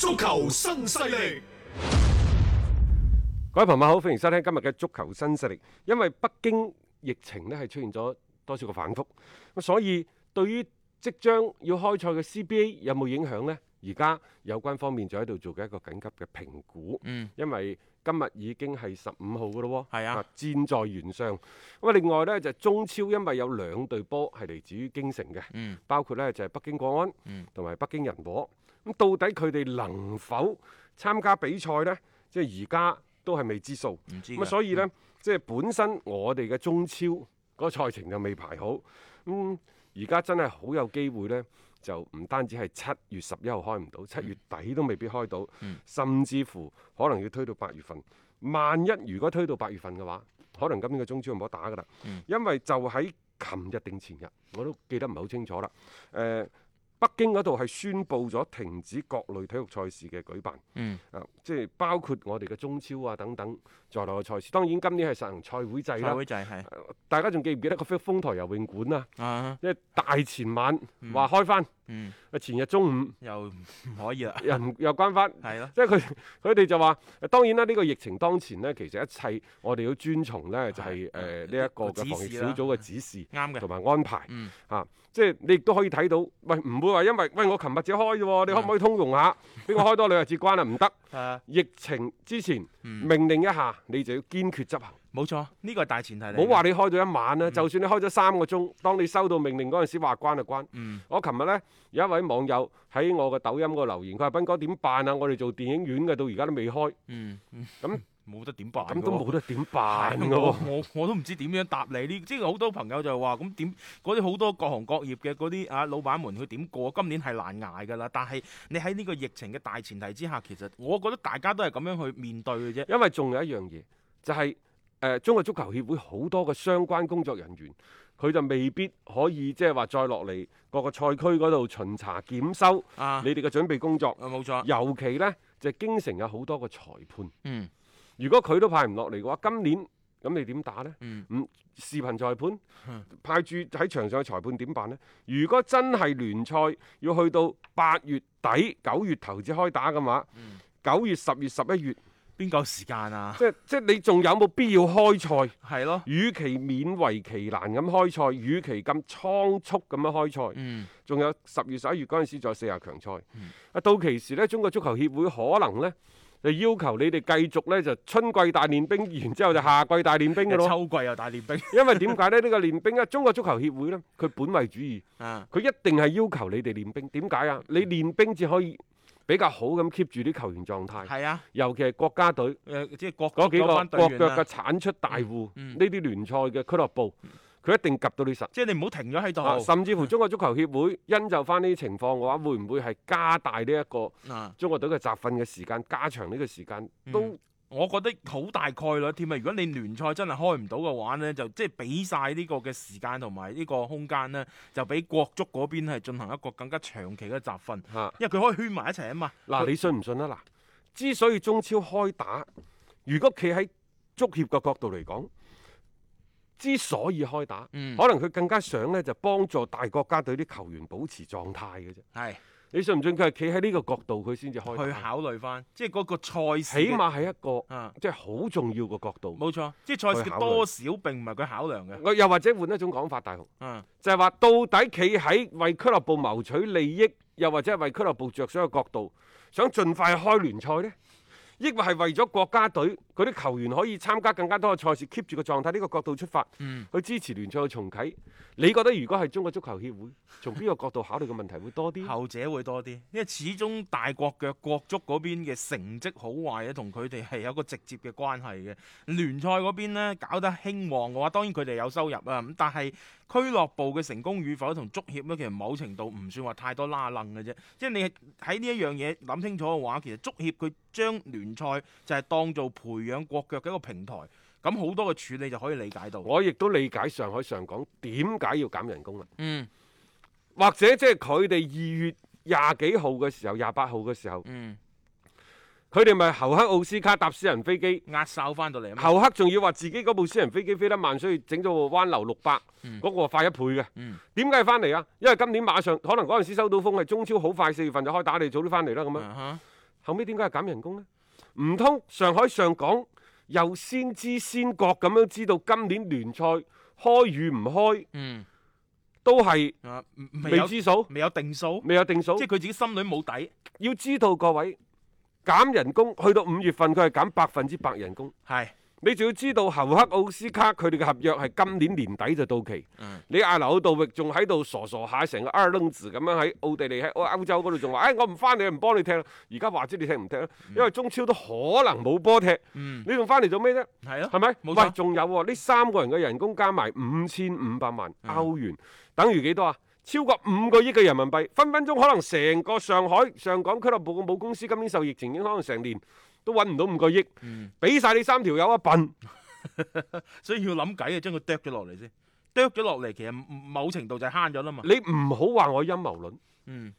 足球新勢力，各位朋友好，歡迎收聽今日嘅足球新勢力。因為北京疫情咧係出現咗多少個反復，咁所以對於即將要開賽嘅 CBA 有冇影響呢？而家有關方面就喺度做緊一個緊急嘅評估。嗯，因為今日已經係十五號噶咯喎，係啊，箭在弦上。咁啊，另外呢，就是、中超，因為有兩隊波係嚟自於京城嘅，嗯、包括呢就係北京國安，同埋北京人和。咁到底佢哋能否參加比賽呢？即係而家都係未知數。咁所以呢，嗯、即係本身我哋嘅中超，個賽程就未排好。咁而家真係好有機會呢，就唔單止係七月十一號開唔到，七月底都未必開到。嗯、甚至乎可能要推到八月份。萬一如果推到八月份嘅話，可能今年嘅中超唔好打噶啦。嗯、因為就喺琴日定前日，我都記得唔係好清楚啦。誒、呃。北京嗰度係宣布咗停止各類體育賽事嘅舉辦，嗯、啊，即係包括我哋嘅中超啊等等。在來嘅賽事，當然今年係實行賽會制啦。大家仲記唔記得個風台游泳館啦？啊！即係大前晚話開翻，前日中午又唔可以啦，人又關翻。即係佢佢哋就話，當然啦，呢個疫情當前呢，其實一切我哋要遵從呢就係誒呢一個嘅防疫小組嘅指示，同埋安排。嗯，即係你亦都可以睇到，喂，唔會話因為，喂，我琴日先開嘅喎，你可唔可以通融下？畀我開多兩日節關啊？唔得。啊、疫情之前命令一下，嗯、你就要堅決執行。冇錯，呢、這個係大前提。唔好話你開到一晚啦，嗯、就算你開咗三個鐘，當你收到命令嗰陣時，話關就關。嗯、我琴日呢，有一位網友喺我嘅抖音個留言，佢話斌哥點辦啊？我哋做電影院嘅到而家都未開。嗯、咁。冇得點辦？咁都冇得點辦我我，我都唔知點樣答你呢？即係好多朋友就話咁點？嗰啲好多各行各業嘅嗰啲啊老闆們，佢點過今年係難捱㗎啦！但係你喺呢個疫情嘅大前提之下，其實我覺得大家都係咁樣去面對嘅啫。因為仲有一樣嘢，就係、是、誒、呃、中國足球協會好多個相關工作人員，佢就未必可以即係話再落嚟各個賽區嗰度巡查檢收你哋嘅準備工作。誒冇、啊、錯。尤其咧就係京城有好多個裁判。嗯。如果佢都派唔落嚟嘅話，今年咁你點打呢？嗯，咁視頻裁判派住喺場上嘅裁判點辦呢？如果真係聯賽要去到八月底九月頭至開打嘅話，九、嗯、月、十月、十一月邊夠時間啊？即即你仲有冇必要開賽？係咯，與其勉為其難咁開賽，與其咁倉促咁樣開賽，仲、嗯、有十月十一月嗰陣時再四十強賽，啊、嗯、到期時呢，中國足球協會可能呢。就要求你哋繼續咧，就春季大練兵，然之後就夏季大練兵嘅咯。秋季又大練兵。 因為點解咧？呢、這個練兵咧，中國足球協會咧，佢本位主義，佢、啊、一定係要求你哋練兵。點解啊？你練兵至可以比較好咁 keep 住啲球員狀態。係啊、嗯，尤其係國家隊誒、呃，即係嗰幾個國腳嘅、呃、產出大戶，呢啲、嗯嗯、聯賽嘅俱樂部。佢一定及到你實，即係你唔好停咗喺度。甚至乎中國足球協會因就翻呢啲情況嘅話，會唔會係加大呢一個中國隊嘅集訓嘅時間，加長呢個時間？都、嗯、我覺得好大概率添啊！如果你聯賽真係開唔到嘅話呢，就即係俾晒呢個嘅時間同埋呢個空間呢，就俾國足嗰邊係進行一個更加長期嘅集訓，因為佢可以圈埋一齊啊嘛。嗱、啊，嘞你信唔信啊？嗱，之所以中超開打，如果企喺足協嘅角度嚟講，之所以開打，嗯、可能佢更加想咧就幫助大國家隊啲球員保持狀態嘅啫。係是你信唔信佢係企喺呢個角度佢先至開打？去考慮翻，即係嗰個賽事，起碼係一個、嗯、即係好重要嘅角度。冇錯，即係賽事嘅多少並唔係佢考量嘅。我又或者換一種講法，大雄、嗯、就係話，到底企喺為俱樂部謀取利益，又或者係為俱樂部着想嘅角度，想盡快開聯賽呢？亦或係為咗國家隊嗰啲球員可以參加更加多嘅賽事 keep 住個狀態呢、這個角度出發，嗯、去支持聯賽去重啟。你覺得如果係中國足球協會從邊個角度考慮嘅問題會多啲？後者會多啲，因為始終大國腳國足嗰邊嘅成績好壞咧，同佢哋係有個直接嘅關係嘅。聯賽嗰邊咧搞得興旺嘅話，當然佢哋有收入啊。咁但係俱樂部嘅成功與否同足協咧，其實某程度唔算話太多拉楞嘅啫。即、就、係、是、你喺呢一樣嘢諗清楚嘅話，其實足協佢將聯賽就係當做培養國腳嘅一個平台，咁好多嘅處理就可以理解到。我亦都理解上海上港點解要減人工啦。嗯，或者即係佢哋二月廿幾號嘅時候，廿八號嘅時候，嗯，佢哋咪侯克奧斯卡搭私人飛機壓哨翻到嚟啊！侯克仲要話自己嗰部私人飛機飛得慢，所以整咗個灣流六百，嗰個快一倍嘅，嗯，點解翻嚟啊？因為今年馬上可能嗰陣時收到風係中超好快四月份就開打，打你早啲翻嚟啦咁樣。嗯，後尾點解係減人工呢？唔通上海上港又先知先覺咁樣知道今年聯賽開與唔開，嗯、都係未，未知數，未有定數，未有定數，即係佢自己心裏冇底。要知道各位減人工，去到五月份佢係減百分之百人工。係。你就要知道侯克奧斯卡佢哋嘅合約係今年年底就到期。嗯、你阿劉道域仲喺度傻傻下成個阿楞子咁樣喺奧地利喺歐洲嗰度仲話，誒、哎、我唔翻你唔幫你踢，而家話知你踢唔踢？嗯、因為中超都可能冇波踢，嗯、你仲翻嚟做咩啫？係咪？冇錯。仲有呢、啊、三個人嘅人工加埋五千五百萬歐元，嗯、等於幾多啊？超過五個億嘅人民幣，分分鐘可能成個上海、上港俱樂部嘅母公司今年受疫情影響成年，都揾唔到五個億，俾晒、嗯、你三條友一笨， 所以要諗計啊，將佢剁咗落嚟先，剁咗落嚟，其實某程度就係慳咗啦嘛。你唔好話我陰謀論，嗯，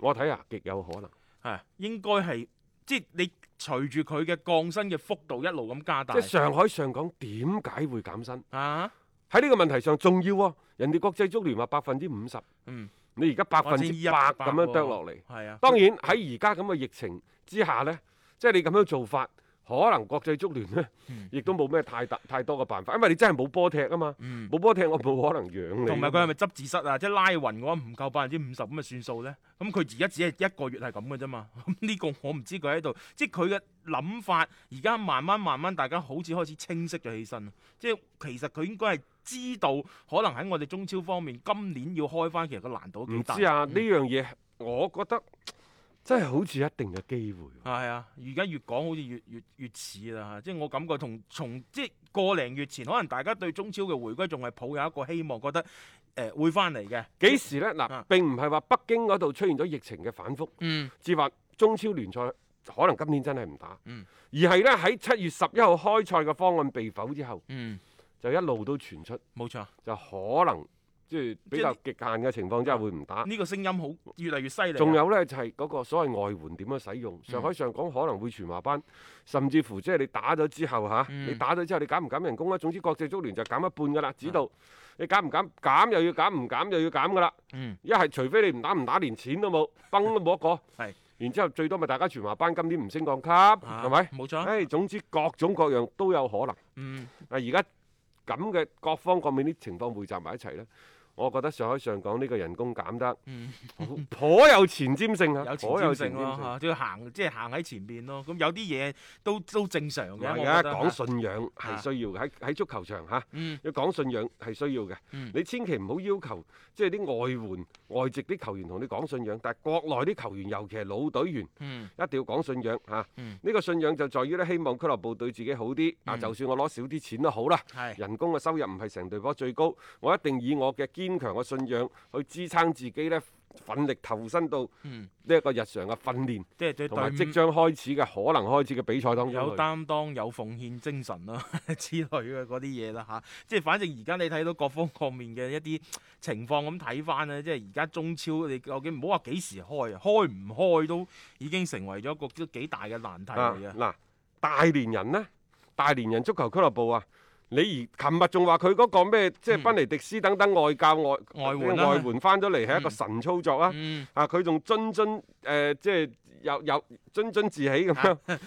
我睇下，極有可能係應該係即係你隨住佢嘅降薪嘅幅度一路咁加大。即係上海、上港點解會減薪啊？喺呢個問題上重要啊！人哋國際足聯話百分之五十，嗯，你而家百分之百咁樣剁落嚟，係啊。當然喺而家咁嘅疫情之下咧。啊啊即係你咁樣做法，可能國際足聯咧，亦都冇咩太大太多嘅辦法，因為你真係冇波踢啊嘛，冇波、嗯、踢我冇可能養你。同埋佢係咪執自殺啊？即係拉勻我唔夠百分之五十咁咪算數咧？咁佢而家只係一個月係咁嘅啫嘛。咁、這、呢個我唔知佢喺度，即係佢嘅諗法。而家慢慢慢慢，大家好似開始清晰咗起身。即係其實佢應該係知道，可能喺我哋中超方面，今年要開返，其實個難度幾大。唔知啊，呢樣嘢我覺得。真係好似一定嘅機會喎。係啊，而家越講好似越越，越，越似啦。即係我感覺同從即係個零月前，可能大家對中超嘅回歸仲係抱有一個希望，覺得誒、呃、會翻嚟嘅。幾時呢？嗱、啊，並唔係話北京嗰度出現咗疫情嘅反覆，嗯，至話中超聯賽可能今年真係唔打，嗯，而係呢，喺七月十一號開賽嘅方案被否之後，嗯，就一路都傳出，冇錯，就可能。即係比較極限嘅情況，之下會唔打？呢、啊呢個聲音好越嚟越犀利。仲有呢，就係、係、嗰個所謂外援點樣使用？嗯、上海上港可能會全華班，甚至乎即係你打咗之後嚇，啊嗯、你打咗之後你減唔減人工咧？總之國際足聯就減一半噶啦，指導你減唔減減又要減，唔減又要減噶啦。一係、嗯、除非你唔打唔打，連錢都冇，崩都冇一個。 是然之後最多咪大家全華班，今年唔升降級係咪？冇、啊、錯。誒、哎，總之各種各樣都有可能。嗱而家咁嘅各方各面啲情況匯集埋一齊呢。我覺得上海上港呢個人工減得，頗有前瞻性啊！有前瞻性咯，都要行，即係行喺前面咯。咁有啲嘢都都正常嘅。而家講信仰係需要嘅，喺喺足球場嚇，要講信仰係需要嘅。你千祈唔好要求，即係啲外援、外籍啲球員同你講信仰，但係國內啲球員，尤其係老隊員，一定要講信仰嚇。呢個信仰就在於咧，希望俱樂部對自己好啲。啊，就算我攞少啲錢都好啦。人工嘅收入唔係成隊波最高，我一定以我嘅堅堅強嘅信仰去支撐自己咧，奮力投身到呢一個日常嘅訓練，同埋、嗯、即將開始嘅、嗯、可能開始嘅比賽當中。有擔當、有奉獻精神啦、啊、 之類嘅嗰啲嘢啦吓，即係、啊啊、反正而家你睇到各方各面嘅一啲情況咁睇翻咧，即係而家中超你究竟唔好話幾時開啊？開唔開都已經成為咗一個都幾大嘅難題嚟嘅。嗱、啊啊，大連人呢？大連人足球俱樂部啊。你而琴日仲話佢嗰個咩，即係賓尼迪斯等等外教外、嗯呃、外援啦，翻咗嚟係一個神操作、嗯嗯、啊！津津呃、津津啊，佢仲津津誒，即係有又津津自喜咁樣，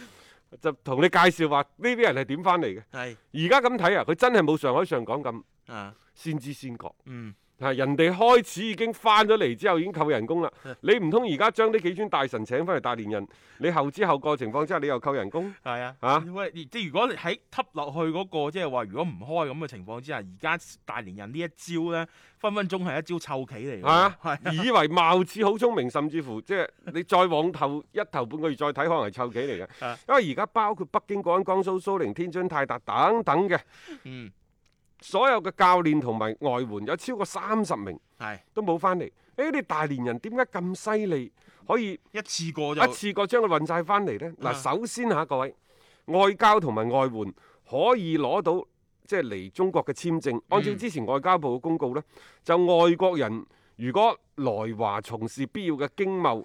就同你介紹話呢啲人係點翻嚟嘅。係而家咁睇啊，佢真係冇上海上港咁、啊、先知先覺。嗯。啊！人哋開始已經翻咗嚟之後已經扣人工啦。你唔通而家將呢幾尊大神請翻嚟大連人？你後知後覺情況之下，你又扣人工？係啊。嚇！喂，即係如果你喺吸落去嗰個，即係話如果唔開咁嘅情況之下，而家大連人呢一招呢，分分鐘係一招臭棋嚟。嘅、啊？啊、以為貌似好聰明，甚至乎即係你再往後 一頭半個月再睇，可能係臭棋嚟嘅。啊、因為而家包括北京國安、江蘇蘇寧、天津泰達等等嘅。嗯。所有嘅教練同埋外援有超過三十名，係是都冇翻嚟。誒、哎，啲大連人點解咁犀利，可以一次過一次過將佢運晒翻嚟呢？嗱、啊，首先嚇各位，外交同埋外援可以攞到即係嚟中國嘅簽證。嗯、按照之前外交部嘅公告呢，就外國人如果來華從事必要嘅經貿、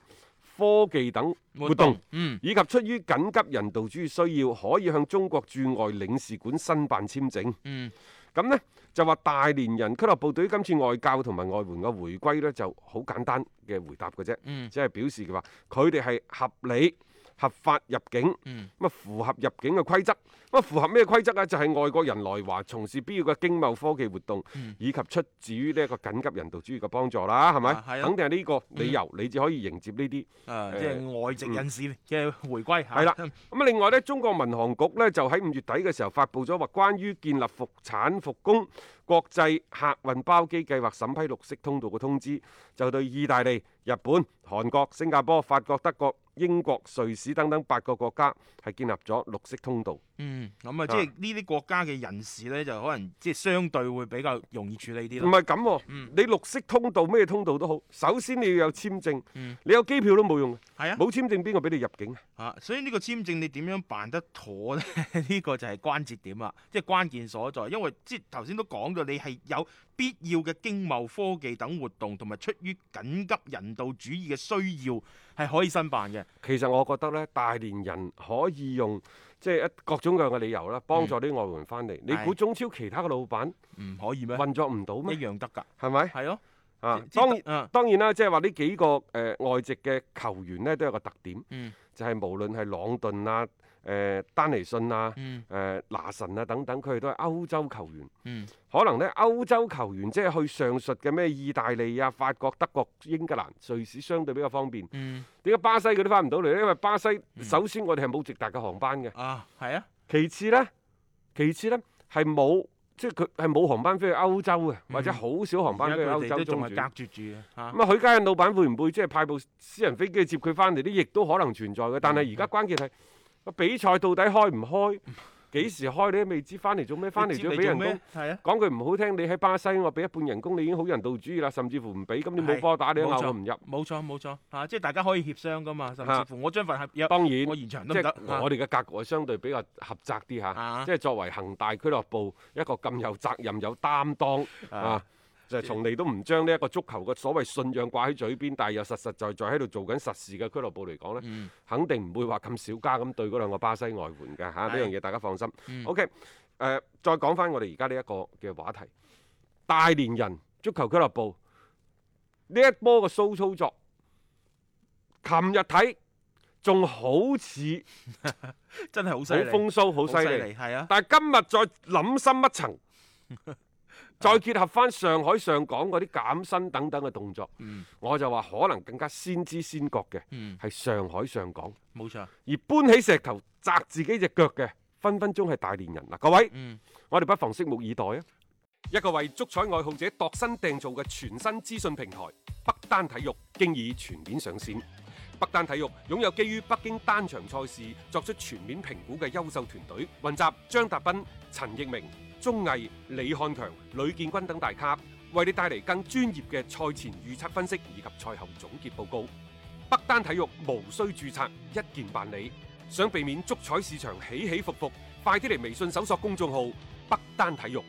科技等活動，活動嗯、以及出於緊急人道主義需要，可以向中國駐外領事館申辦簽證，嗯。咁呢，就話大連人俱樂部對今次外教同埋外援嘅回歸呢，就好簡單嘅回答嘅啫，只係、嗯、表示嘅話，佢哋係合理，合法入境，咁啊、嗯、符合入境嘅規則。咁符合咩規則啊？就係、是、外國人來華從事必要嘅經貿科技活動，嗯、以及出自於呢一個緊急人道主義嘅幫助啦，係咪？啊、肯定係呢個理由，嗯、你只可以迎接呢啲，即係、啊呃、外籍人士嘅回歸。係啦，咁啊另外呢，中國民航局呢，就喺五月底嘅時候發布咗話，關於建立復產復工。國際客運包機計劃審批綠色通道嘅通知，就對意大利、日本、韓國、新加坡、法國、德國、英國、瑞士等等八個國家係建立咗綠色通道。嗯，咁啊，即係呢啲國家嘅人士呢，就可能即係相對會比較容易處理啲。唔係咁喎，嗯、你綠色通道咩通道都好，首先你要有簽證。嗯、你有機票都冇用。係啊，冇簽證邊個俾你入境啊？啊，所以呢個簽證你點樣辦得妥呢？呢 個就係關節點啦，即係關鍵所在，因為，因為即係頭先都講。你係有必要嘅經貿、科技等活動，同埋出於緊急人道主義嘅需要，係可以申辦嘅。其實我覺得呢，大連人可以用即係各種各樣嘅理由啦，幫助啲外援翻嚟。嗯、你估中超其他嘅老闆唔、嗯、可以咩？運作唔到咩？一樣得㗎，係咪？係咯、哦，啊，當然當然啦，即係話呢幾個誒外籍嘅球員呢，都有個特點，就係無論係朗頓啊。嗯誒、呃、丹尼信啊，誒、呃、拿神啊等等，佢哋都係歐洲球員，嗯、可能呢，歐洲球員即係去上述嘅咩意大利啊、法國、德國、英格蘭、瑞士，相對比較方便。點解、嗯、巴西佢都翻唔到嚟呢？因為巴西、嗯、首先我哋係冇直達嘅航班嘅啊，係啊。其次呢？其次呢？係冇即係佢係冇航班飛去歐洲嘅，嗯、或者好少航班飛去歐洲。仲係隔住住咁啊，許家印老闆會唔會即係派部私人飛機接佢翻嚟？啲亦都可能存在嘅，但係而家關鍵係。嗯嗯嗯比賽到底開唔開？幾時開你都未知。翻嚟做咩？翻嚟仲要俾人工。講、啊、句唔好聽，你喺巴西，我俾一半人工，你已經好人道主義啦。甚至乎唔俾，咁你冇波打你，你鬧、啊、我唔入。冇錯，冇錯。嚇、啊，即係大家可以協商噶嘛。甚至乎我將份合約，我延長都得。我哋嘅格局係相對比較狹窄啲嚇。啊啊、即係作為恒大俱樂部一個咁有責任有擔當啊。啊就係從嚟都唔將呢一個足球嘅所謂信仰掛喺嘴邊，但係又實實在在喺度做緊實事嘅俱樂部嚟講咧，嗯、肯定唔會話咁小家咁對嗰兩個巴西外援㗎嚇。呢、啊、是樣嘢大家放心。嗯、OK，誒、呃，再講翻我哋而家呢一個嘅話題，大連人足球俱樂部呢一波嘅騷操作，琴日睇仲好似 真係好犀利，好風騷，好犀利，啊、但係今日再諗深一層。 再結合翻上海上港嗰啲減薪等等嘅動作，嗯、我就話可能更加先知先覺嘅，係、嗯、上海上港。冇錯，而搬起石頭砸自己隻腳嘅，分分鐘係大連人啦，各位。嗯、我哋不妨拭目以待啊！一個為足彩愛好者度身訂造嘅全新資訊平台北單體育，經已全面上線。北單體育擁有基於北京單場賽事作出全面評估嘅優秀團隊，雲集張達斌、陳奕明。綜藝李漢強、呂建軍等大咖，為你帶嚟更專業嘅賽前預測分析以及賽後總結報告。北單體育無需注冊，一鍵辦理。想避免足彩市場起起伏伏，快啲嚟微信搜索公眾號北單體育。